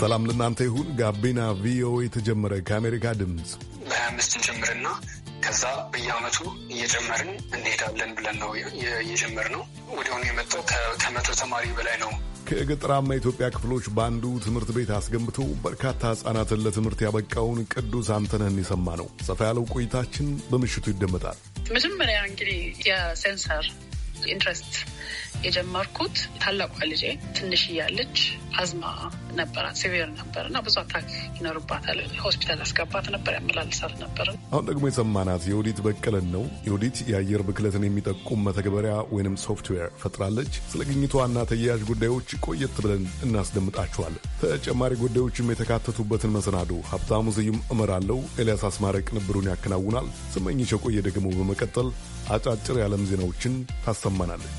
ሰላም ለእናንተ ይሁን። ጋቢና ቪኦኤ የተጀመረ ከአሜሪካ ድምፅ በ25 እንጀምርና ከዛ በየአመቱ እየጨመርን እንሄዳለን ብለን ነው እየጀመር ነው። ወዲያውኑ የመጣው ከመቶ ተማሪ በላይ ነው። ከገጠራማ የኢትዮጵያ ክፍሎች በአንዱ ትምህርት ቤት አስገንብቶ በርካታ ህጻናትን ለትምህርት ያበቃውን ቅዱስ አንተነህን የሰማ ነው። ሰፋ ያለው ቆይታችን በምሽቱ ይደመጣል። መጀመሪያ እንግዲህ የሴንሰር ኢንትረስት የጀመርኩት ታላቋ ልጄ ትንሽ እያለች አዝማ ነበራት። ሲቪር ነበር እና ብዙ አታክ ይኖርባታል። ሆስፒታል አስገባት ነበር፣ ያመላልሳት ነበር። አሁን ደግሞ የሰማናት የኦዲት በቀለን ነው። የኦዲት የአየር ብክለትን የሚጠቁም መተግበሪያ ወይንም ሶፍትዌር ፈጥራለች። ስለ ግኝቷና ተያያዥ ጉዳዮች ቆየት ብለን እናስደምጣችኋለን። ተጨማሪ ጉዳዮችም የተካተቱበትን መሰናዶ ሀብታሙ ስዩም እመራለሁ። ኤልያስ አስማረ ቅንብሩን ያከናውናል። ስመኝ ቆየ ደግሞ በመቀጠል አጫጭር የዓለም ዜናዎችን ታሰማናለች።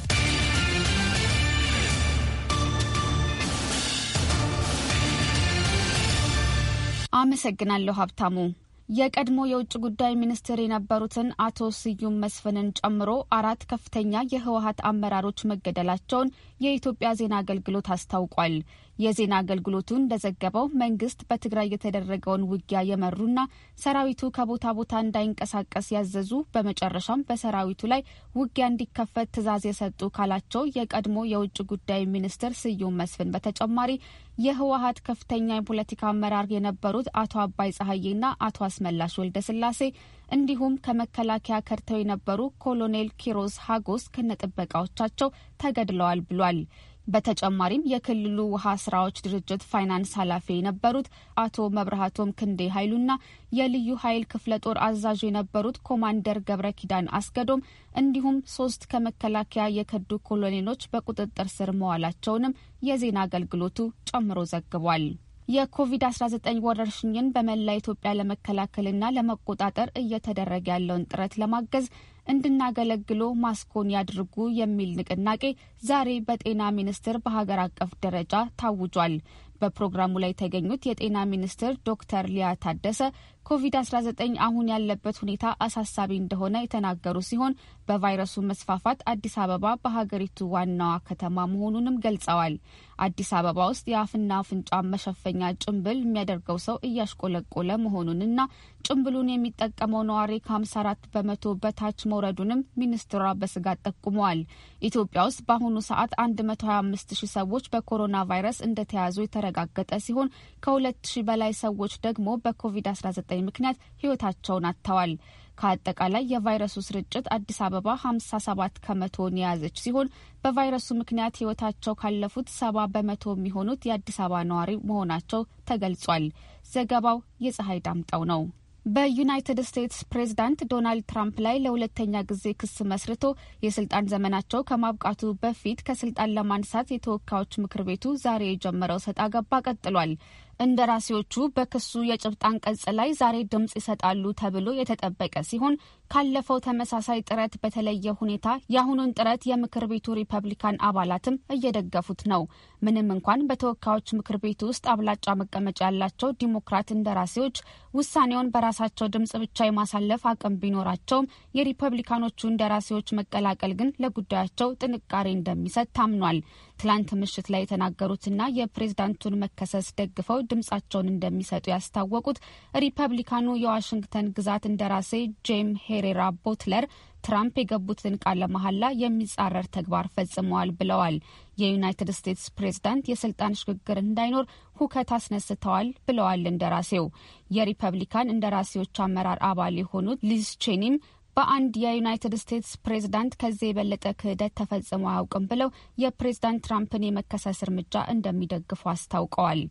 አመሰግናለሁ ሀብታሙ። የቀድሞ የውጭ ጉዳይ ሚኒስትር የነበሩትን አቶ ስዩም መስፍንን ጨምሮ አራት ከፍተኛ የህወሀት አመራሮች መገደላቸውን የኢትዮጵያ ዜና አገልግሎት አስታውቋል። የዜና አገልግሎቱ እንደዘገበው መንግስት በትግራይ የተደረገውን ውጊያ የመሩና ሰራዊቱ ከቦታ ቦታ እንዳይንቀሳቀስ ያዘዙ በመጨረሻም በሰራዊቱ ላይ ውጊያ እንዲከፈት ትዕዛዝ የሰጡ ካላቸው የቀድሞ የውጭ ጉዳይ ሚኒስትር ስዩም መስፍን በተጨማሪ የህወሀት ከፍተኛ የፖለቲካ አመራር የነበሩት አቶ አባይ ጸሐዬና አቶ አስመላሽ ወልደ ስላሴ እንዲሁም ከመከላከያ ከርተው የነበሩ ኮሎኔል ኪሮስ ሀጎስ ከነጥበቃዎቻቸው ተገድለዋል ብሏል። በተጨማሪም የክልሉ ውሃ ስራዎች ድርጅት ፋይናንስ ኃላፊ የነበሩት አቶ መብርሃቶም ክንዴ ኃይሉና የልዩ ኃይል ክፍለ ጦር አዛዥ የነበሩት ኮማንደር ገብረ ኪዳን አስገዶም እንዲሁም ሶስት ከመከላከያ የከዱ ኮሎኔሎች በቁጥጥር ስር መዋላቸውንም የዜና አገልግሎቱ ጨምሮ ዘግቧል። የኮቪድ-19 ወረርሽኝን በመላ ኢትዮጵያ ለመከላከልና ለመቆጣጠር እየተደረገ ያለውን ጥረት ለማገዝ እንድናገለግሎ ማስኮን ያድርጉ የሚል ንቅናቄ ዛሬ በጤና ሚኒስቴር በሀገር አቀፍ ደረጃ ታውጇል። በፕሮግራሙ ላይ የተገኙት የጤና ሚኒስትር ዶክተር ሊያ ታደሰ ኮቪድ-19 አሁን ያለበት ሁኔታ አሳሳቢ እንደሆነ የተናገሩ ሲሆን በቫይረሱ መስፋፋት አዲስ አበባ በሀገሪቱ ዋናዋ ከተማ መሆኑንም ገልጸዋል። አዲስ አበባ ውስጥ የአፍና አፍንጫ መሸፈኛ ጭንብል የሚያደርገው ሰው እያሽቆለቆለ መሆኑንና ጭንብሉን የሚጠቀመው ነዋሪ ከ54 በመቶ በታች መውረዱንም ሚኒስትሯ በስጋት ጠቁመዋል። ኢትዮጵያ ውስጥ በአሁኑ ሰዓት 125 ሺህ ሰዎች በኮሮና ቫይረስ እንደተያዙ የተረጋገጠ ሲሆን ከ2 ሺህ በላይ ሰዎች ደግሞ በኮቪድ-19 ምክንያት ህይወታቸውን አጥተዋል። ከአጠቃላይ የቫይረሱ ስርጭት አዲስ አበባ 57 ከመቶን የያዘች ሲሆን በቫይረሱ ምክንያት ህይወታቸው ካለፉት ሰባ በመቶ የሚሆኑት የአዲስ አበባ ነዋሪ መሆናቸው ተገልጿል። ዘገባው የፀሐይ ዳምጠው ነው። በዩናይትድ ስቴትስ ፕሬዝዳንት ዶናልድ ትራምፕ ላይ ለሁለተኛ ጊዜ ክስ መስርቶ የስልጣን ዘመናቸው ከማብቃቱ በፊት ከስልጣን ለማንሳት የተወካዮች ምክር ቤቱ ዛሬ የጀመረው ሰጣ ገባ ቀጥሏል። እንደራሴዎቹ በክሱ የጭብጥ አንቀጽ ላይ ዛሬ ድምፅ ይሰጣሉ ተብሎ የተጠበቀ ሲሆን ካለፈው ተመሳሳይ ጥረት በተለየ ሁኔታ የአሁኑን ጥረት የምክር ቤቱ ሪፐብሊካን አባላትም እየደገፉት ነው። ምንም እንኳን በተወካዮች ምክር ቤት ውስጥ አብላጫ መቀመጫ ያላቸው ዲሞክራት እንደራሴዎች ውሳኔውን በራሳቸው ድምፅ ብቻ የማሳለፍ አቅም ቢኖራቸውም የሪፐብሊካኖቹ እንደራሴዎች መቀላቀል ግን ለጉዳያቸው ጥንካሬ እንደሚሰጥ ታምኗል። ትላንት ምሽት ላይ የተናገሩትና የፕሬዝዳንቱን መከሰስ ደግፈው ድምጻቸውን እንደሚሰጡ ያስታወቁት ሪፐብሊካኑ የዋሽንግተን ግዛት እንደራሴ ጄም ሄሬራ ቦትለር ትራምፕ የገቡትን ቃለ መሐላ የሚጻረር ተግባር ፈጽመዋል ብለዋል። የዩናይትድ ስቴትስ ፕሬዝዳንት የስልጣን ሽግግር እንዳይኖር ሁከት አስነስተዋል ብለዋል እንደራሴው። የሪፐብሊካን እንደራሴዎች አመራር አባል የሆኑት ሊዝ ቼኒም በአንድ የዩናይትድ ስቴትስ ፕሬዝዳንት ከዚህ የበለጠ ክህደት ተፈጽሞ አያውቅም ብለው የፕሬዝዳንት ትራምፕን የመከሰስ እርምጃ እንደሚደግፉ አስታውቀዋል።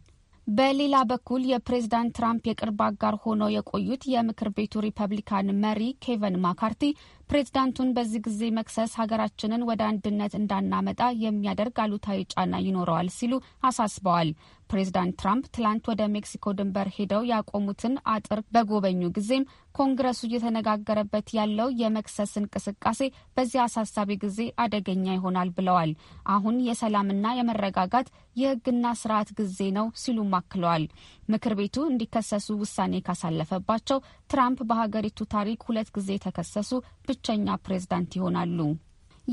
በሌላ በኩል የፕሬዝዳንት ትራምፕ የቅርብ አጋር ሆነው የቆዩት የምክር ቤቱ ሪፐብሊካን መሪ ኬቨን ማካርቲ ፕሬዝዳንቱን በዚህ ጊዜ መክሰስ ሀገራችንን ወደ አንድነት እንዳናመጣ የሚያደርግ አሉታዊ ጫና ይኖረዋል ሲሉ አሳስበዋል። ፕሬዝዳንት ትራምፕ ትላንት ወደ ሜክሲኮ ድንበር ሄደው ያቆሙትን አጥር በጎበኙ ጊዜም ኮንግረሱ እየተነጋገረበት ያለው የመክሰስ እንቅስቃሴ በዚህ አሳሳቢ ጊዜ አደገኛ ይሆናል ብለዋል። አሁን የሰላምና የመረጋጋት የሕግና ስርዓት ጊዜ ነው ሲሉም አክለዋል። ምክር ቤቱ እንዲከሰሱ ውሳኔ ካሳለፈባቸው ትራምፕ በሀገሪቱ ታሪክ ሁለት ጊዜ የተከሰሱ ብቸኛ ፕሬዝዳንት ይሆናሉ።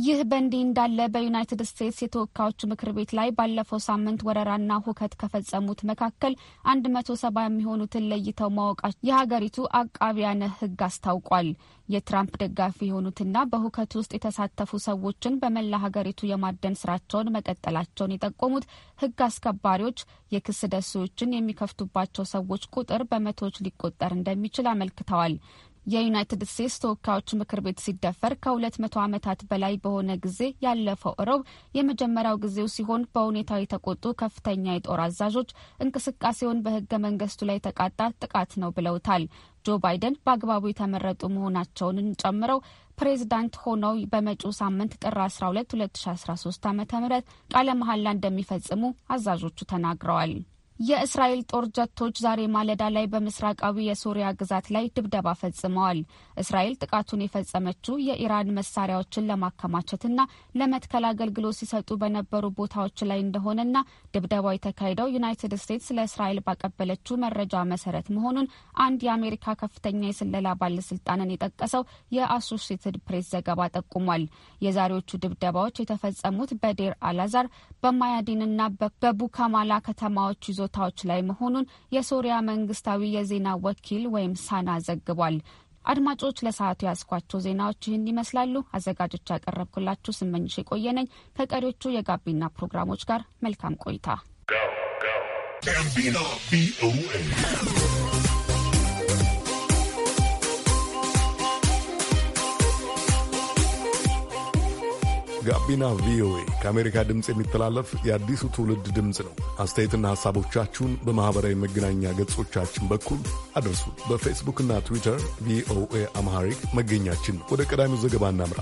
ይህ በእንዲህ እንዳለ በዩናይትድ ስቴትስ የተወካዮች ምክር ቤት ላይ ባለፈው ሳምንት ወረራና ሁከት ከፈጸሙት መካከል አንድ መቶ ሰባ የሚሆኑትን ለይተው ማወቃቸው የሀገሪቱ አቃቢያነ ሕግ አስታውቋል። የትራምፕ ደጋፊ የሆኑትና በሁከቱ ውስጥ የተሳተፉ ሰዎችን በመላ ሀገሪቱ የማደን ስራቸውን መቀጠላቸውን የጠቆሙት ሕግ አስከባሪዎች የክስ ደሴዎችን የሚከፍቱባቸው ሰዎች ቁጥር በመቶዎች ሊቆጠር እንደሚችል አመልክተዋል። የዩናይትድ ስቴትስ ተወካዮች ምክር ቤት ሲደፈር ከ200 ዓመታት በላይ በሆነ ጊዜ ያለፈው እሮብ የመጀመሪያው ጊዜው ሲሆን በሁኔታው የተቆጡ ከፍተኛ የጦር አዛዦች እንቅስቃሴውን በህገ መንግስቱ ላይ የተቃጣ ጥቃት ነው ብለውታል። ጆ ባይደን በአግባቡ የተመረጡ መሆናቸውን ጨምረው ፕሬዚዳንት ሆነው በመጪው ሳምንት ጥር 12 2013 ዓ ም ቃለ መሐላ እንደሚፈጽሙ አዛዦቹ ተናግረዋል። የእስራኤል ጦር ጀቶች ዛሬ ማለዳ ላይ በምስራቃዊ የሶሪያ ግዛት ላይ ድብደባ ፈጽመዋል። እስራኤል ጥቃቱን የፈጸመችው የኢራን መሳሪያዎችን ለማከማቸትና ለመትከል አገልግሎት ሲሰጡ በነበሩ ቦታዎች ላይ እንደሆነና ድብደባው የተካሄደው ዩናይትድ ስቴትስ ለእስራኤል ባቀበለችው መረጃ መሰረት መሆኑን አንድ የአሜሪካ ከፍተኛ የስለላ ባለስልጣንን የጠቀሰው የአሶሽትድ ፕሬስ ዘገባ ጠቁሟል። የዛሬዎቹ ድብደባዎች የተፈጸሙት በዴር አላዛር በማያዲንና በቡካማላ ከተማዎች ይዞ ችሎታዎች ላይ መሆኑን የሶሪያ መንግስታዊ የዜና ወኪል ወይም ሳና ዘግቧል። አድማጮች ለሰዓቱ ያስኳቸው ዜናዎች ይህን ይመስላሉ። አዘጋጆች ያቀረብኩላችሁ ስመኝሽ የቆየነኝ ከቀሪዎቹ የጋቢና ፕሮግራሞች ጋር መልካም ቆይታ። ጋቢና ቪኦኤ ከአሜሪካ ድምፅ የሚተላለፍ የአዲሱ ትውልድ ድምፅ ነው። አስተያየትና ሐሳቦቻችሁን በማኅበራዊ መገናኛ ገጾቻችን በኩል አድርሱ። በፌስቡክና ትዊተር ቪኦኤ አምሃሪክ መገኛችን። ወደ ቀዳሚው ዘገባ እናምራ።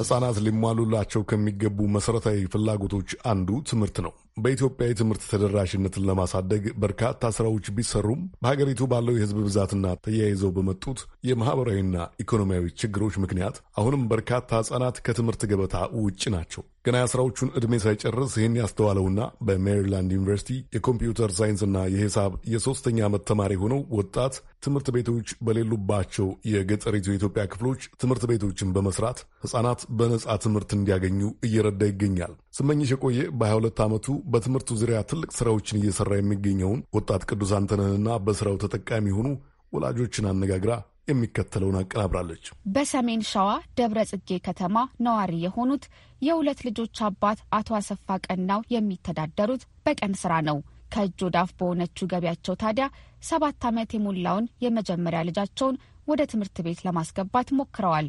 ሕፃናት ሊሟሉላቸው ከሚገቡ መሠረታዊ ፍላጎቶች አንዱ ትምህርት ነው። በኢትዮጵያ የትምህርት ተደራሽነትን ለማሳደግ በርካታ ስራዎች ቢሰሩም በሀገሪቱ ባለው የህዝብ ብዛትና ተያይዘው በመጡት የማህበራዊና ኢኮኖሚያዊ ችግሮች ምክንያት አሁንም በርካታ ህጻናት ከትምህርት ገበታ ውጭ ናቸው። ገና የስራዎቹን ዕድሜ ሳይጨርስ ይህን ያስተዋለውና በሜሪላንድ ዩኒቨርሲቲ የኮምፒውተር ሳይንስና የሂሳብ የሶስተኛ ዓመት ተማሪ ሆነው ወጣት ትምህርት ቤቶች በሌሉባቸው የገጠሪቱ የኢትዮጵያ ክፍሎች ትምህርት ቤቶችን በመስራት ህጻናት በነጻ ትምህርት እንዲያገኙ እየረዳ ይገኛል። ስመኝሽ የቆየ በ22 ዓመቱ በትምህርቱ ዙሪያ ትልቅ ስራዎችን እየሰራ የሚገኘውን ወጣት ቅዱስ አንተነህንና በስራው ተጠቃሚ የሆኑ ወላጆችን አነጋግራ የሚከተለውን አቀናብራለች። በሰሜን ሸዋ ደብረ ጽጌ ከተማ ነዋሪ የሆኑት የሁለት ልጆች አባት አቶ አሰፋ ቀናው የሚተዳደሩት በቀን ስራ ነው። ከእጅ ዳፍ በሆነችው ገቢያቸው ታዲያ ሰባት ዓመት የሞላውን የመጀመሪያ ልጃቸውን ወደ ትምህርት ቤት ለማስገባት ሞክረዋል።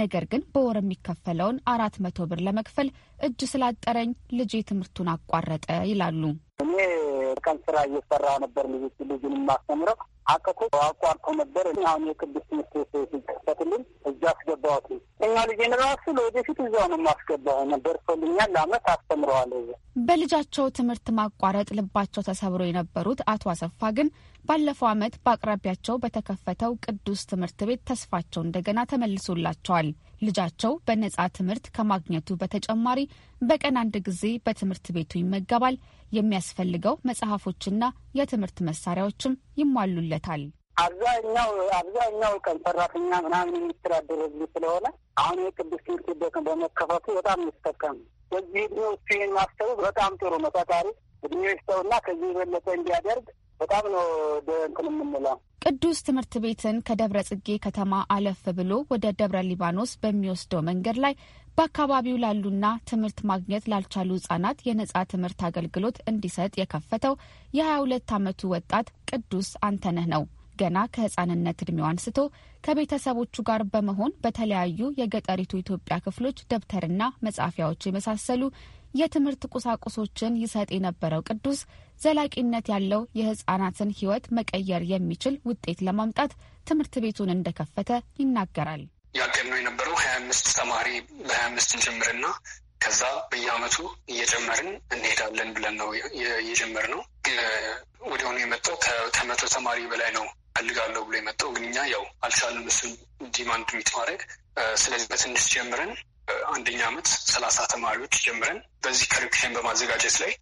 ነገር ግን በወር የሚከፈለውን አራት መቶ ብር ለመክፈል እጅ ስላጠረኝ ልጄ ትምህርቱን አቋረጠ ይላሉ። እኔ ቀን ስራ እየሰራ ነበር ልጅ ልጅን የማስተምረው አቀቶ አቋርጦ ነበር። አሁን የክብስ ትምህርት ቤት ሲከፈትልኝ እዛ አስገባዋት። እኛ ልጅን ራሱ ለወደፊት እዛው ነው የማስገባው ነበር። ፈልኛል ለአመት አስተምረዋል። በልጃቸው ትምህርት ማቋረጥ ልባቸው ተሰብሮ የነበሩት አቶ አሰፋ ግን ባለፈው ዓመት በአቅራቢያቸው በተከፈተው ቅዱስ ትምህርት ቤት ተስፋቸው እንደገና ተመልሶላቸዋል። ልጃቸው በነጻ ትምህርት ከማግኘቱ በተጨማሪ በቀን አንድ ጊዜ በትምህርት ቤቱ ይመገባል። የሚያስፈልገው መጽሐፎችና የትምህርት መሳሪያዎችም ይሟሉለታል። አብዛኛው አብዛኛው ቀን ሰራተኛ ምናምን የሚተዳደር ህዝብ ስለሆነ አሁን የቅዱስ ትምህርት ቤት በመከፈቱ በጣም ይጠቀም። በዚህ እድሜ ይህን ማሰቡ በጣም ጥሩ ነው። ፈጣሪ እድሜ ይስጠውና ከዚህ የበለጠ እንዲያደርግ በጣም ነው እንትን የምንለው። ቅዱስ ትምህርት ቤትን ከደብረ ጽጌ ከተማ አለፍ ብሎ ወደ ደብረ ሊባኖስ በሚወስደው መንገድ ላይ በአካባቢው ላሉና ትምህርት ማግኘት ላልቻሉ ህጻናት የነጻ ትምህርት አገልግሎት እንዲሰጥ የከፈተው የ22 ዓመቱ ወጣት ቅዱስ አንተነህ ነው። ገና ከህጻንነት እድሜው አንስቶ ከቤተሰቦቹ ጋር በመሆን በተለያዩ የገጠሪቱ ኢትዮጵያ ክፍሎች ደብተርና መጻፊያዎች የመሳሰሉ የትምህርት ቁሳቁሶችን ይሰጥ የነበረው ቅዱስ ዘላቂነት ያለው የሕፃናትን ህይወት መቀየር የሚችል ውጤት ለማምጣት ትምህርት ቤቱን እንደከፈተ ይናገራል። ያቀድነው የነበረው ሀያ አምስት ተማሪ በሀያ አምስት እንጀምርና ከዛ በየአመቱ እየጀመርን እንሄዳለን ብለን ነው እየጀመርነው። ወዲያውኑ የመጣው ከመቶ ተማሪ በላይ ነው ፈልጋለሁ ብሎ የመጣው ግን እኛ ያው አልቻልንም እሱን ዲማንድ ሚት ማድረግ። ስለዚህ በትንሽ ጀምረን አንደኛ ዓመት ሰላሳ ተማሪዎች ጀምረን በዚህ ከሪኩሌም በማዘጋጀት ላይ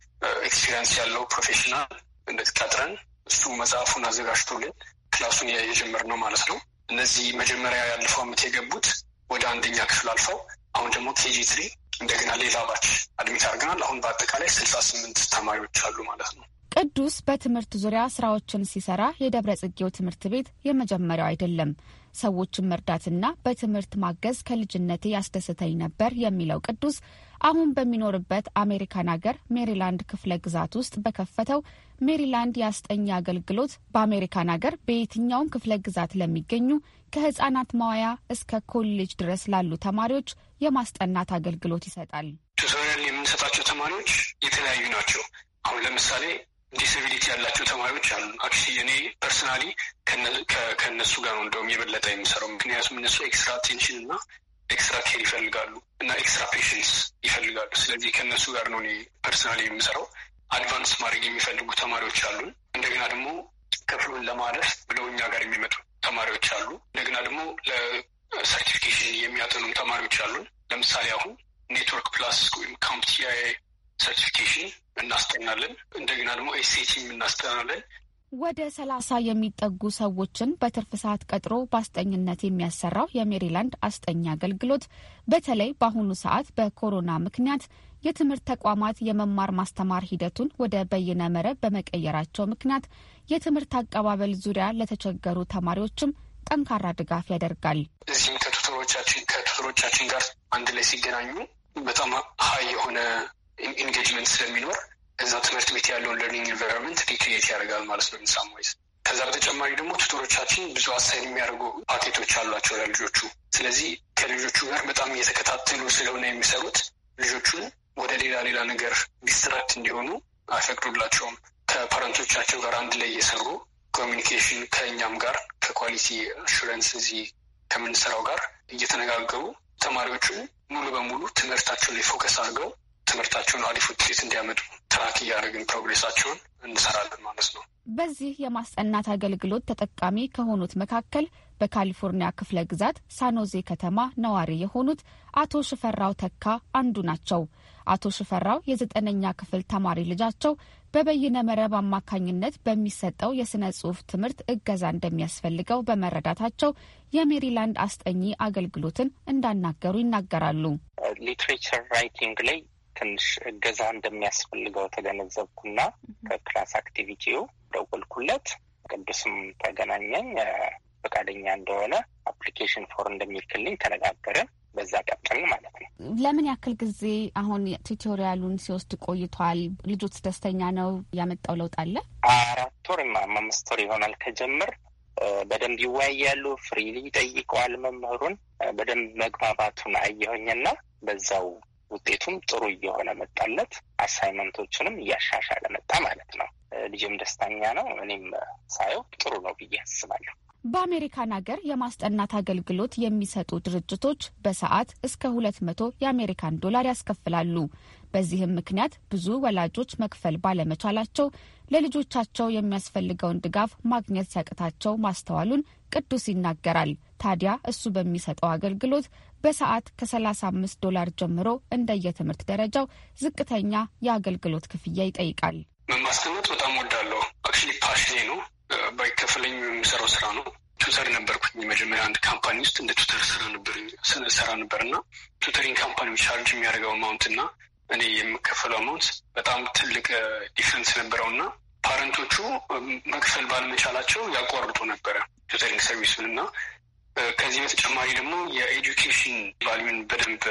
ኤክስፒሪንስ ያለው ፕሮፌሽናል እንደዚህ ቀጥረን እሱ መጽሐፉን አዘጋጅቶልን ክላሱን የጀመር ነው ማለት ነው። እነዚህ መጀመሪያ ያለፈው ዓመት የገቡት ወደ አንደኛ ክፍል አልፈው አሁን ደግሞ ኬጂ ትሪ እንደገና ሌላ ባች አድሚት አድርገናል። አሁን በአጠቃላይ ስልሳ ስምንት ተማሪዎች አሉ ማለት ነው። ቅዱስ በትምህርት ዙሪያ ስራዎችን ሲሰራ የደብረ ጽጌው ትምህርት ቤት የመጀመሪያው አይደለም። ሰዎችን መርዳትና በትምህርት ማገዝ ከልጅነቴ ያስደስተኝ ነበር የሚለው ቅዱስ አሁን በሚኖርበት አሜሪካን ሀገር ሜሪላንድ ክፍለ ግዛት ውስጥ በከፈተው ሜሪላንድ የአስጠኚ አገልግሎት በአሜሪካን ሀገር በየትኛውም ክፍለ ግዛት ለሚገኙ ከህጻናት መዋያ እስከ ኮሌጅ ድረስ ላሉ ተማሪዎች የማስጠናት አገልግሎት ይሰጣል። ቱቶሪያል የምንሰጣቸው ተማሪዎች የተለያዩ ናቸው። አሁን ለምሳሌ ዲስብሊቲ ያላቸው ተማሪዎች አሉ። አክቹዋሊ እኔ ፐርሰናሊ ከእነሱ ጋር ነው እንደውም የበለጠ የሚሰራው። ምክንያቱም እነሱ ኤክስትራ ቴንሽን እና ኤክስትራ ኬር ይፈልጋሉ እና ኤክስትራ ፔሽንስ ይፈልጋሉ። ስለዚህ ከእነሱ ጋር ነው እኔ ፐርሰናሊ የሚሰራው አድቫንስ ማድረግ የሚፈልጉ ተማሪዎች አሉን። እንደገና ደግሞ ክፍሉን ለማለፍ ብለው እኛ ጋር የሚመጡ ተማሪዎች አሉ። እንደገና ደግሞ ለሰርቲፊኬሽን የሚያጠኑም ተማሪዎች አሉን። ለምሳሌ አሁን ኔትወርክ ፕላስ ወይም ካምፕቲያ ሰርቲፊኬሽን እናስጠናለን። እንደገና ደግሞ ኤስኤችም e እናስጠናለን። ወደ ሰላሳ የሚጠጉ ሰዎችን በትርፍ ሰዓት ቀጥሮ በአስጠኝነት የሚያሰራው የሜሪላንድ አስጠኝ አገልግሎት በተለይ በአሁኑ ሰዓት በኮሮና ምክንያት የትምህርት ተቋማት የመማር ማስተማር ሂደቱን ወደ በይነ መረብ በመቀየራቸው ምክንያት የትምህርት አቀባበል ዙሪያ ለተቸገሩ ተማሪዎችም ጠንካራ ድጋፍ ያደርጋል። እዚህም ከቱቶሮቻችን ጋር አንድ ላይ ሲገናኙ በጣም ሀይ የሆነ ኢንጌጅመንት ስለሚኖር እዛ ትምህርት ቤት ያለውን ለርኒንግ ኢንቫይሮንመንት ሪክሪኤት ያደርጋል ማለት ነው ኢንሳምዋይዝ። ከዛ በተጨማሪ ደግሞ ቱቶሮቻችን ብዙ አሳይን የሚያደርጉ ፓኬቶች አሏቸው ለልጆቹ። ስለዚህ ከልጆቹ ጋር በጣም እየተከታተሉ ስለሆነ የሚሰሩት ልጆቹን ወደ ሌላ ሌላ ነገር ዲስትራክት እንዲሆኑ አይፈቅዱላቸውም። ከፓረንቶቻቸው ጋር አንድ ላይ እየሰሩ ኮሚኒኬሽን ከእኛም ጋር ከኳሊቲ አሹረንስ እዚህ ከምንሰራው ጋር እየተነጋገሩ ተማሪዎቹን ሙሉ በሙሉ ትምህርታቸው ላይ ፎከስ አድርገው ትምህርታቸውን አሪፍ ውጤት እንዲያመጡ ትራክ እያደረግን ፕሮግሬሳቸውን እንሰራለን ማለት ነው። በዚህ የማስጠናት አገልግሎት ተጠቃሚ ከሆኑት መካከል በካሊፎርኒያ ክፍለ ግዛት ሳኖዜ ከተማ ነዋሪ የሆኑት አቶ ሽፈራው ተካ አንዱ ናቸው። አቶ ሽፈራው የዘጠነኛ ክፍል ተማሪ ልጃቸው በበይነ መረብ አማካኝነት በሚሰጠው የሥነ ጽሁፍ ትምህርት እገዛ እንደሚያስፈልገው በመረዳታቸው የሜሪላንድ አስጠኚ አገልግሎትን እንዳናገሩ ይናገራሉ። ሊትሬቸር ራይቲንግ ላይ ትንሽ እገዛ እንደሚያስፈልገው ተገነዘብኩና ከክላስ አክቲቪቲው ደወልኩለት። ቅዱስም ተገናኘኝ። ፈቃደኛ እንደሆነ አፕሊኬሽን ፎር እንደሚልክልኝ ተነጋገርን። በዛ ቀጥል ማለት ነው። ለምን ያክል ጊዜ አሁን ቱቶሪያሉን ሲወስድ ቆይቷል? ልጆች ደስተኛ ነው? ያመጣው ለውጥ አለ? አራት ወር አምስት ወር ይሆናል ከጀምር በደንብ ይወያያሉ። ፍሪሊ ጠይቀዋል። መምህሩን በደንብ መግባባቱን አየሁኝና በዛው ውጤቱም ጥሩ እየሆነ መጣለት። አሳይመንቶችንም እያሻሻለ መጣ ማለት ነው። ልጅም ደስተኛ ነው። እኔም ሳየው ጥሩ ነው ብዬ አስባለሁ። በአሜሪካን ሀገር የማስጠናት አገልግሎት የሚሰጡ ድርጅቶች በሰዓት እስከ ሁለት መቶ የአሜሪካን ዶላር ያስከፍላሉ። በዚህም ምክንያት ብዙ ወላጆች መክፈል ባለመቻላቸው ለልጆቻቸው የሚያስፈልገውን ድጋፍ ማግኘት ሲያቅታቸው ማስተዋሉን ቅዱስ ይናገራል። ታዲያ እሱ በሚሰጠው አገልግሎት በሰዓት ከ35 ዶላር ጀምሮ እንደየትምህርት ደረጃው ዝቅተኛ የአገልግሎት ክፍያ ይጠይቃል። መማስቀመጥ በጣም ወዳለሁ። አክቹዋሊ ፓሽኔ ነው። ባይከፍለኝ የምሰራው ስራ ነው። ቱተር ነበርኩኝ። መጀመሪያ አንድ ካምፓኒ ውስጥ እንደ ቱተር ስራ ነበር ስራ ነበር እና ቱተሪንግ ካምፓኒዎች ቻርጅ የሚያደርገው አማውንት እና እኔ የምከፈለው አማውንት በጣም ትልቅ ዲፍረንስ ነበረው እና ፓረንቶቹ መክፈል ባለመቻላቸው ያቋርጡ ነበረ ቱተሪንግ ሰርቪሱን እና ከዚህ በተጨማሪ ደግሞ የኤዱኬሽን ቫሊዩን በደንብ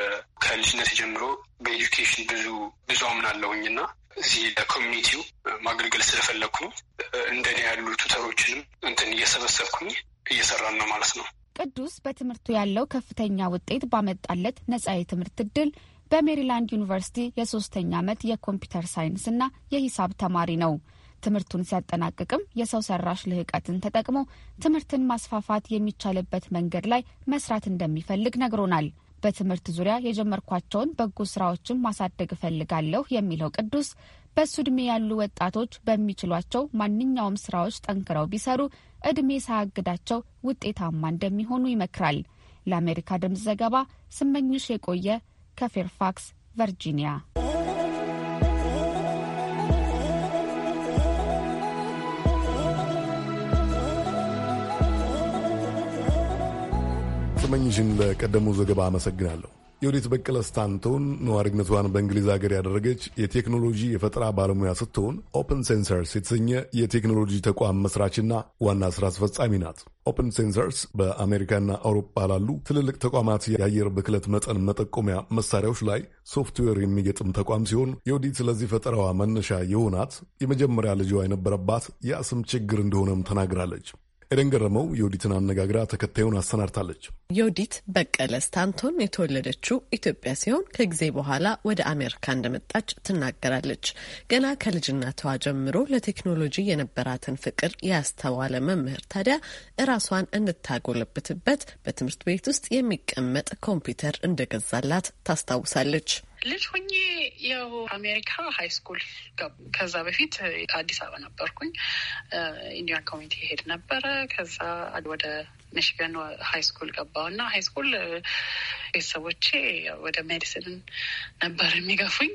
ከልጅነት ጀምሮ በኤዱኬሽን ብዙ ብዙ አምናለሁኝ እና እዚህ ለኮሚኒቲው ማገልገል ስለፈለግኩ እንደኔ ያሉ ቱተሮችንም እንትን እየሰበሰብኩኝ እየሰራን ነው ማለት ነው። ቅዱስ በትምህርቱ ያለው ከፍተኛ ውጤት ባመጣለት ነጻ የትምህርት እድል በሜሪላንድ ዩኒቨርሲቲ የሶስተኛ ዓመት የኮምፒውተር ሳይንስ እና የሂሳብ ተማሪ ነው። ትምህርቱን ሲያጠናቅቅም የሰው ሰራሽ ልህቀትን ተጠቅሞ ትምህርትን ማስፋፋት የሚቻልበት መንገድ ላይ መስራት እንደሚፈልግ ነግሮናል። በትምህርት ዙሪያ የጀመርኳቸውን በጎ ስራዎችን ማሳደግ እፈልጋለሁ የሚለው ቅዱስ በእሱ ዕድሜ ያሉ ወጣቶች በሚችሏቸው ማንኛውም ስራዎች ጠንክረው ቢሰሩ እድሜ ሳያግዳቸው ውጤታማ እንደሚሆኑ ይመክራል። ለአሜሪካ ድምፅ ዘገባ ስመኝሽ የቆየ ከፌርፋክስ ቨርጂኒያ። ስመኝሽን ለቀደመው ዘገባ አመሰግናለሁ። የወዴት በቀለ ስታንቶን ነዋሪነቷን በእንግሊዝ ሀገር ያደረገች የቴክኖሎጂ የፈጠራ ባለሙያ ስትሆን ኦፕን ሴንሰርስ የተሰኘ የቴክኖሎጂ ተቋም መስራችና ዋና ስራ አስፈጻሚ ናት። ኦፕን ሴንሰርስ በአሜሪካና አውሮፓ ላሉ ትልልቅ ተቋማት የአየር ብክለት መጠን መጠቆሚያ መሳሪያዎች ላይ ሶፍትዌር የሚገጥም ተቋም ሲሆን የወዲት ለዚህ ፈጠራዋ መነሻ የሆናት የመጀመሪያ ልጇ የነበረባት የአስም ችግር እንደሆነም ተናግራለች። ኤደን ገረመው የወዲትን አነጋግራ ተከታዩን አሰናድታለች። የወዲት በቀለ ስታንቶን የተወለደችው ኢትዮጵያ ሲሆን ከጊዜ በኋላ ወደ አሜሪካ እንደመጣች ትናገራለች። ገና ከልጅነቷ ጀምሮ ለቴክኖሎጂ የነበራትን ፍቅር ያስተዋለ መምህር ታዲያ እራሷን እንድታጎለብትበት በትምህርት ቤት ውስጥ የሚቀመጥ ኮምፒውተር እንደገዛላት ታስታውሳለች። ልጅ ሁኜ ያው አሜሪካ ሀይ ስኩል ከዛ በፊት አዲስ አበባ ነበርኩኝ። ኢንዲያን ኮሚኒቲ ሄድ ነበረ። ከዛ ወደ ሚሽገን ሀይ ስኩል ገባው እና ሀይ ስኩል ቤተሰቦቼ ወደ ሜዲሲን ነበር የሚገፉኝ።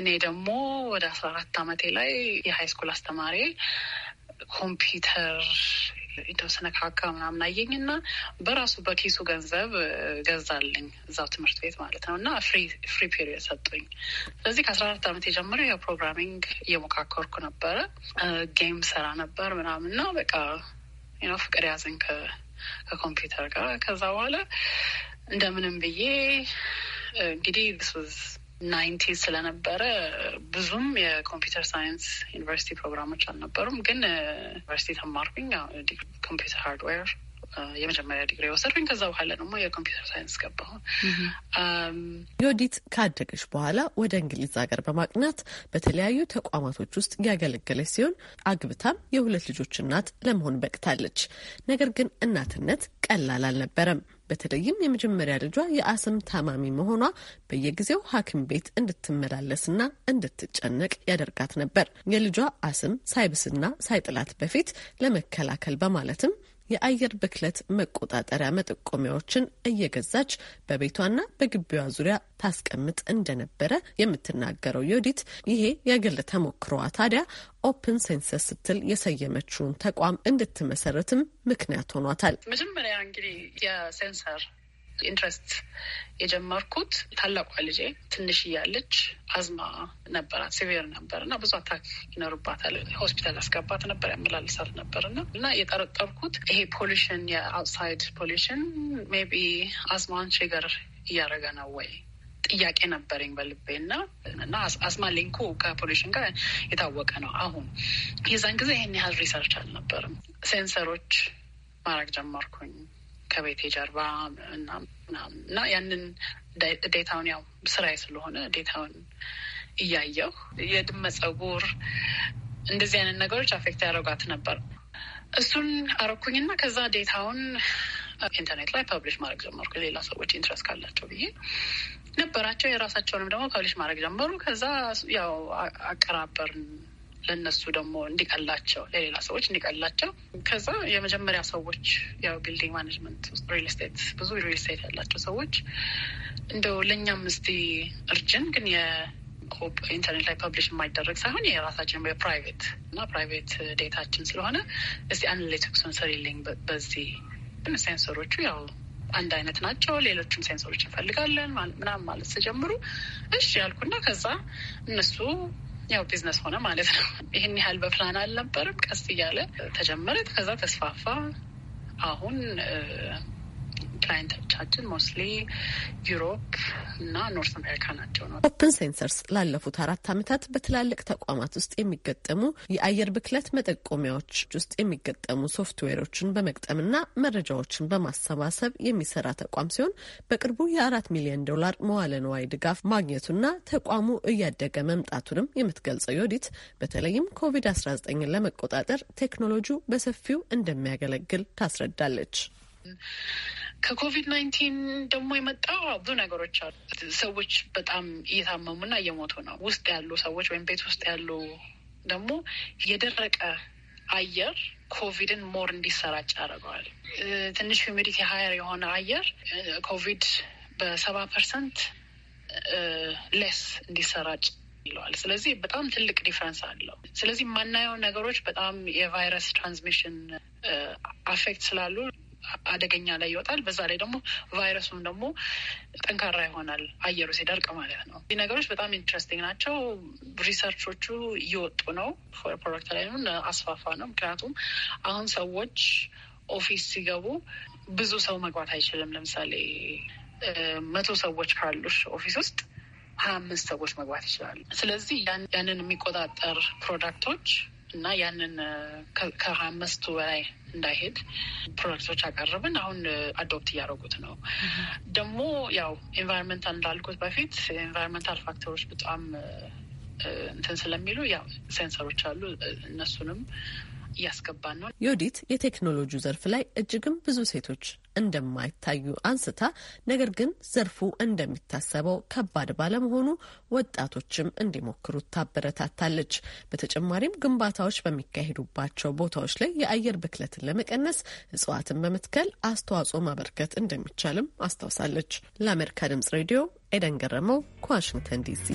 እኔ ደግሞ ወደ አስራ አራት አመቴ ላይ የሀይ ስኩል አስተማሪ ኮምፒውተር ካካ ምናምን አየኝ እና በራሱ በኪሱ ገንዘብ ገዛልኝ እዛው ትምህርት ቤት ማለት ነው እና ፍሪ ፔሪዮድ ሰጡኝ። ስለዚህ ከአስራ አራት ዓመት የጀመረው የፕሮግራሚንግ እየሞካከርኩ ነበረ። ጌም ሰራ ነበር ምናምን እና በቃ ነው ፍቅር ያዘኝ ከኮምፒውተር ጋር። ከዛ በኋላ እንደምንም ብዬ እንግዲህ ናይንቲ ስለነበረ ብዙም የኮምፒውተር ሳይንስ ዩኒቨርሲቲ ፕሮግራሞች አልነበሩም። ግን uh, ዩኒቨርሲቲ ተማርኩኝ። ኮምፒውተር ሃርድዌር uh, የመጀመሪያ ዲግሪ ወሰድኩኝ። ከዛ በኋላ ደግሞ የኮምፒውተር ሳይንስ ገባሁ። um, ዮዲት ካደገች በኋላ ወደ እንግሊዝ ሀገር በማቅናት በተለያዩ ተቋማቶች ውስጥ ያገለገለች ሲሆን አግብታም የሁለት ልጆች እናት ለመሆን በቅታለች። ነገር ግን እናትነት ቀላል አልነበረም። በተለይም የመጀመሪያ ልጇ የአስም ታማሚ መሆኗ በየጊዜው ሐኪም ቤት እንድትመላለስና እንድትጨነቅ ያደርጋት ነበር። የልጇ አስም ሳይብስና ሳይጥላት በፊት ለመከላከል በማለትም የአየር ብክለት መቆጣጠሪያ መጠቆሚያዎችን እየገዛች በቤቷና በግቢዋ ዙሪያ ታስቀምጥ እንደነበረ የምትናገረው ዮዲት ይሄ የግል ተሞክሮዋ ታዲያ ኦፕን ሴንሰስ ስትል የሰየመችውን ተቋም እንድትመሰረትም ምክንያት ሆኗታል። መጀመሪያ እንግዲህ የሴንሰር ኢንትረስት የጀመርኩት ታላቋ ልጄ ትንሽ እያለች አዝማ ነበራት፣ ሲቪር ነበር እና ብዙ አታክ ይኖርባታል። ሆስፒታል ያስገባት ነበር፣ ያመላልሳት ነበር እና እና የጠረጠርኩት ይሄ ፖሊሽን የአውትሳይድ ፖሊሽን ሜይ ቢ አዝማን ሽገር እያደረገ ነው ወይ ጥያቄ ነበረኝ በልቤ እና እና አስማ ሊንኩ ከፖሊሽን ጋር የታወቀ ነው። አሁን የዛን ጊዜ ይህን ያህል ሪሰርች አልነበርም። ሴንሰሮች ማድረግ ጀመርኩኝ። ከቤቴ ጀርባ እና ያንን ዴታውን ያው ስራዬ ስለሆነ ዴታውን እያየው የድመ ጸጉር እንደዚህ አይነት ነገሮች አፌክት ያደረጓት ነበር። እሱን አረኩኝና ከዛ ዴታውን ኢንተርኔት ላይ ፐብሊሽ ማድረግ ጀመርኩ። ሌላ ሰዎች ኢንትረስት ካላቸው ብዬ ነበራቸው የራሳቸውንም ደግሞ ፐብሊሽ ማድረግ ጀመሩ። ከዛ ያው አቀራበርን ለእነሱ ደግሞ እንዲቀላቸው ለሌላ ሰዎች እንዲቀላቸው። ከዛ የመጀመሪያ ሰዎች ያው ቢልዲንግ ማኔጅመንት ሪል ስቴት ብዙ ሪል ስቴት ያላቸው ሰዎች እንደው ለእኛም እስቲ እርጅን ግን ሆፕ ኢንተርኔት ላይ ፐብሊሽ የማይደረግ ሳይሆን የራሳችን የፕራይቬት እና ፕራይቬት ዴታችን ስለሆነ እስቲ አናሊቲክሱን ስሪልኝ በዚህ ሴንሰሮቹ ያው አንድ አይነት ናቸው። ሌሎችም ሴንሰሮች እንፈልጋለን ምናምን ማለት ስጀምሩ እሺ ያልኩና ከዛ እነሱ ያው ቢዝነስ ሆነ ማለት ነው። ይህን ያህል በፕላን አልነበርም። ቀስ እያለ ተጀመረ፣ ከዛ ተስፋፋ። አሁን ክላይንቶቻችን ሞስሊ ዩሮፕ እና ኖርስ አሜሪካ ናቸው ነው። ኦፕን ሴንሰርስ ላለፉት አራት ዓመታት በትላልቅ ተቋማት ውስጥ የሚገጠሙ የአየር ብክለት መጠቆሚያዎች ውስጥ የሚገጠሙ ሶፍትዌሮችን በመቅጠምና መረጃዎችን በማሰባሰብ የሚሰራ ተቋም ሲሆን በቅርቡ የአራት ሚሊዮን ዶላር መዋለ ንዋይ ድጋፍ ማግኘቱና ተቋሙ እያደገ መምጣቱንም የምትገልጸው ዮዲት በተለይም ኮቪድ-19ን ለመቆጣጠር ቴክኖሎጂ በሰፊው እንደሚያገለግል ታስረዳለች። ከኮቪድ ናይንቲን ደግሞ የመጣው ብዙ ነገሮች አሉ። ሰዎች በጣም እየታመሙና እየሞቱ ነው። ውስጥ ያሉ ሰዎች ወይም ቤት ውስጥ ያሉ ደግሞ የደረቀ አየር ኮቪድን ሞር እንዲሰራጭ ያደርገዋል። ትንሽ ሂሚዲቲ ሀየር የሆነ አየር ኮቪድ በሰባ ፐርሰንት ሌስ እንዲሰራጭ ይለዋል። ስለዚህ በጣም ትልቅ ዲፍረንስ አለው። ስለዚህ የማናየው ነገሮች በጣም የቫይረስ ትራንስሚሽን አፌክት ስላሉ አደገኛ ላይ ይወጣል። በዛ ላይ ደግሞ ቫይረሱም ደግሞ ጠንካራ ይሆናል አየሩ ሲደርቅ ማለት ነው። እዚህ ነገሮች በጣም ኢንትረስቲንግ ናቸው። ሪሰርቾቹ እየወጡ ነው። ፕሮዳክት ላይ አስፋፋ ነው። ምክንያቱም አሁን ሰዎች ኦፊስ ሲገቡ ብዙ ሰው መግባት አይችልም። ለምሳሌ መቶ ሰዎች ካሉሽ ኦፊስ ውስጥ ሀያ አምስት ሰዎች መግባት ይችላሉ። ስለዚህ ያንን የሚቆጣጠር ፕሮዳክቶች እና ያንን ከአምስቱ በላይ እንዳይሄድ ፕሮዳክቶች አቀርብን። አሁን አዶፕት እያደረጉት ነው። ደግሞ ያው ኤንቫይሮንመንታል እንዳልኩት በፊት ኤንቫይሮንመንታል ፋክተሮች በጣም እንትን ስለሚሉ ያው ሴንሰሮች አሉ እነሱንም እያስገባን ነው። ዮዲት የቴክኖሎጂ ዘርፍ ላይ እጅግም ብዙ ሴቶች እንደማይታዩ አንስታ፣ ነገር ግን ዘርፉ እንደሚታሰበው ከባድ ባለመሆኑ ወጣቶችም እንዲሞክሩት ታበረታታለች። በተጨማሪም ግንባታዎች በሚካሄዱባቸው ቦታዎች ላይ የአየር ብክለትን ለመቀነስ እጽዋትን በመትከል አስተዋጽኦ ማበርከት እንደሚቻልም አስታውሳለች። ለአሜሪካ ድምጽ ሬዲዮ ኤደን ገረመው ከዋሽንግተን ዲሲ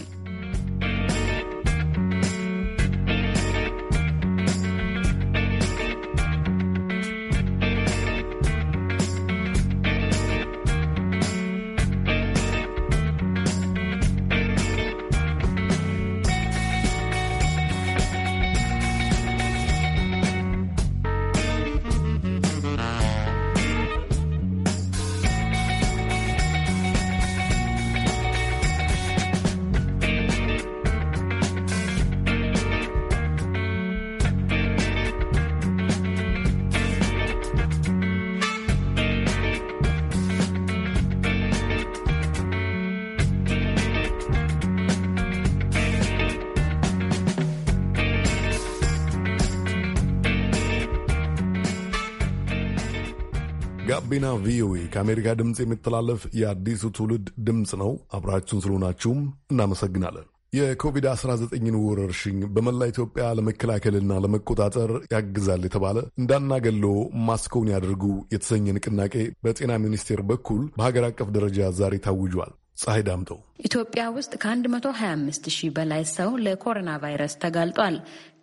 ጋቢና ቪኦኤ ከአሜሪካ ድምፅ የሚተላለፍ የአዲሱ ትውልድ ድምፅ ነው። አብራችሁን ስለሆናችሁም እናመሰግናለን። የኮቪድ-19ን ወረርሽኝ በመላ ኢትዮጵያ ለመከላከልና ለመቆጣጠር ያግዛል የተባለ እንዳናገሎ ማስኮውን ያደርጉ የተሰኘ ንቅናቄ በጤና ሚኒስቴር በኩል በሀገር አቀፍ ደረጃ ዛሬ ታውጇል። ፀሐይ ዳምጠው ኢትዮጵያ ውስጥ ከ125 ሺህ በላይ ሰው ለኮሮና ቫይረስ ተጋልጧል።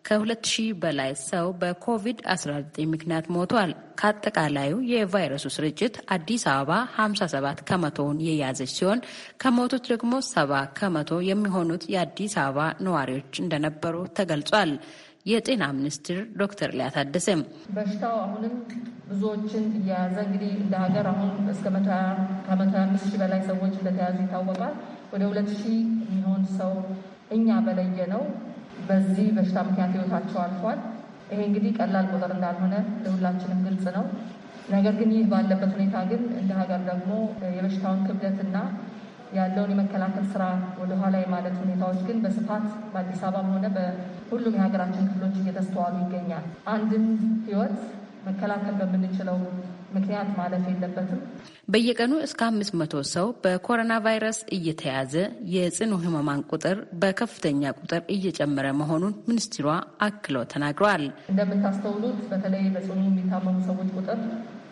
ከ ሺህ በላይ ሰው በኮቪድ-19 ምክንያት ሞቷል። ከአጠቃላዩ የቫይረሱ ስርጭት አዲስ አበባ 57 ከመቶውን የያዘች ሲሆን ከሞቱት ደግሞ ሰባ ከመቶ የሚሆኑት የአዲስ አበባ ነዋሪዎች እንደነበሩ ተገልጿል። የጤና ሚኒስትር ዶክተር ሊያ ታደሰም በሽታው አሁንም ብዙዎችን እያያዘ እንግዲህ እንደ ሀገር አሁን እስከ ከመቶ አምስት ሺህ በላይ ሰዎች እንደተያዙ ይታወቃል። ወደ ሁለት ሺህ የሚሆን ሰው እኛ በለየ ነው በዚህ በሽታ ምክንያት ህይወታቸው አልፏል። ይሄ እንግዲህ ቀላል ቁጥር እንዳልሆነ ለሁላችንም ግልጽ ነው። ነገር ግን ይህ ባለበት ሁኔታ ግን እንደ ሀገር ደግሞ የበሽታውን ክብደትና ያለውን የመከላከል ስራ ወደኋላ የማለት ሁኔታዎች ግን በስፋት በአዲስ አበባም ሆነ በሁሉም የሀገራችን ክፍሎች እየተስተዋሉ ይገኛል። አንድን ህይወት መከላከል በምንችለው ምክንያት ማለፍ የለበትም። በየቀኑ እስከ አምስት መቶ ሰው በኮሮና ቫይረስ እየተያዘ የጽኑ ህመማን ቁጥር በከፍተኛ ቁጥር እየጨመረ መሆኑን ሚኒስትሯ አክለው ተናግረዋል። እንደምታስተውሉት በተለይ በጽኑ የሚታመሙ ሰዎች ቁጥር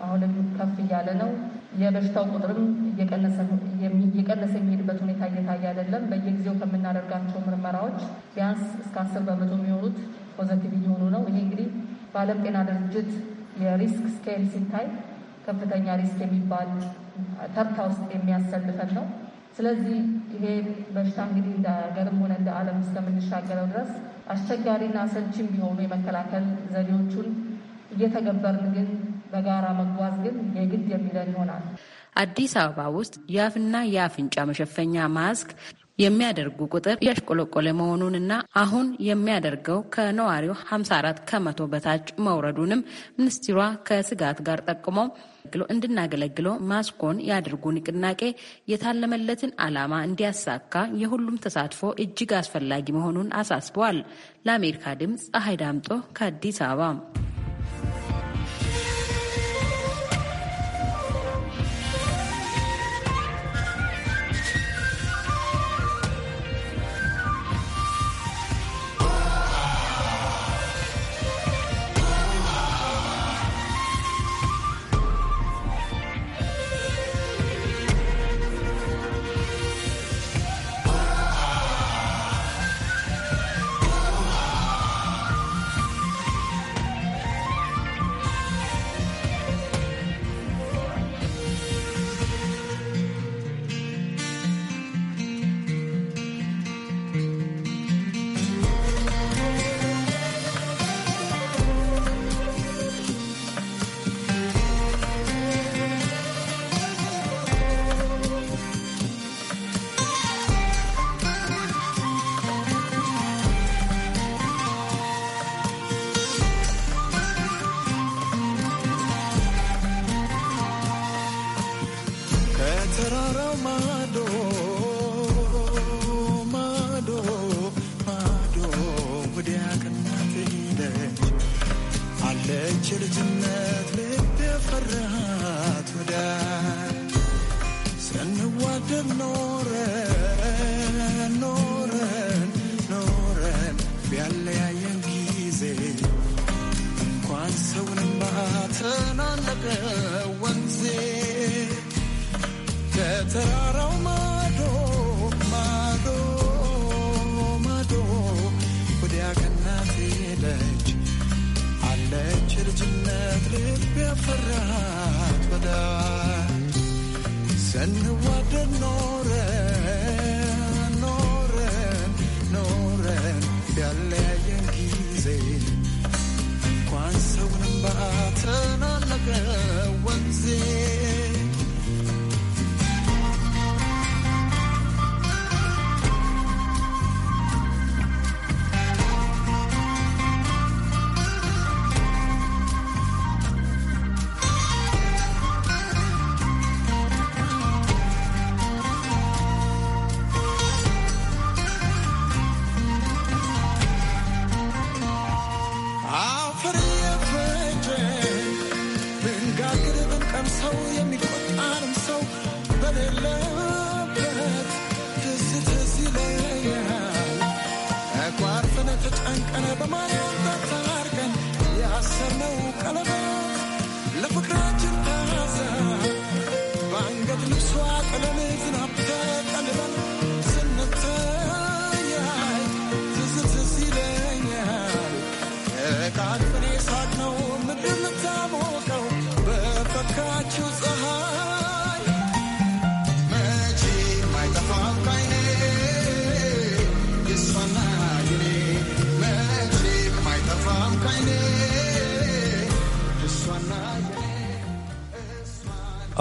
አሁንም ከፍ እያለ ነው። የበሽታው ቁጥርም እየቀነሰ የሚሄድበት ሁኔታ እየታየ አይደለም። በየጊዜው ከምናደርጋቸው ምርመራዎች ቢያንስ እስከ አስር በመቶ የሚሆኑት ፖዘቲቭ እየሆኑ ነው። ይሄ እንግዲህ በዓለም ጤና ድርጅት የሪስክ ስኬል ሲታይ ከፍተኛ ሪስክ የሚባል ተርታ ውስጥ የሚያሰልፈን ነው። ስለዚህ ይሄ በሽታ እንግዲህ እንደ ሀገርም ሆነ እንደ ዓለም እስከምንሻገረው ድረስ አስቸጋሪና ሰልችም ቢሆኑ የመከላከል ዘዴዎቹን እየተገበርን ግን በጋራ መጓዝ ግን የግድ የሚለን ይሆናል። አዲስ አበባ ውስጥ የአፍና የአፍንጫ መሸፈኛ ማስክ የሚያደርጉ ቁጥር እያሽቆለቆለ መሆኑንና አሁን የሚያደርገው ከነዋሪው 54 ከመቶ በታች መውረዱንም ሚኒስትሯ ከስጋት ጋር ጠቅሞ እንድናገለግለው ማስኮን ያድርጉ ንቅናቄ የታለመለትን ዓላማ እንዲያሳካ የሁሉም ተሳትፎ እጅግ አስፈላጊ መሆኑን አሳስበዋል። ለአሜሪካ ድምፅ ፀሐይ ዳምጦ ከአዲስ አበባ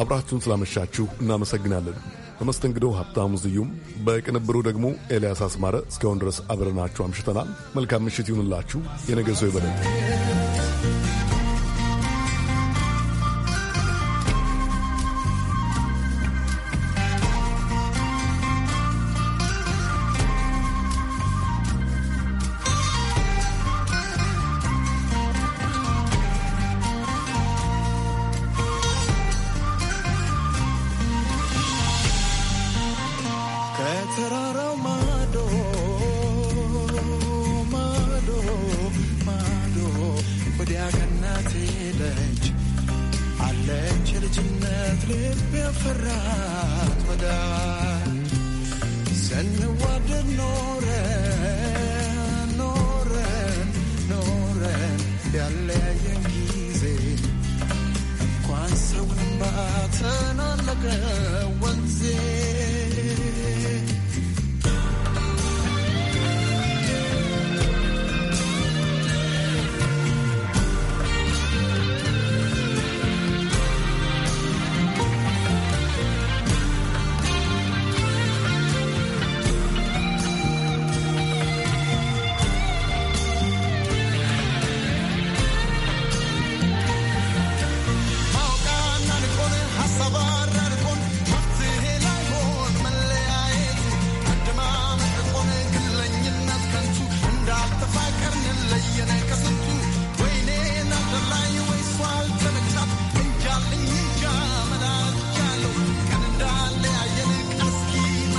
አብራችሁን ስላመሻችሁ እናመሰግናለን። በመስተንግዶ ሀብታሙ ዝዩም፣ በቅንብሩ ደግሞ ኤልያስ አስማረ። እስካሁን ድረስ አብረናችሁ አምሽተናል። መልካም ምሽት ይሁንላችሁ። የነገ ሰው ይበለን። girl.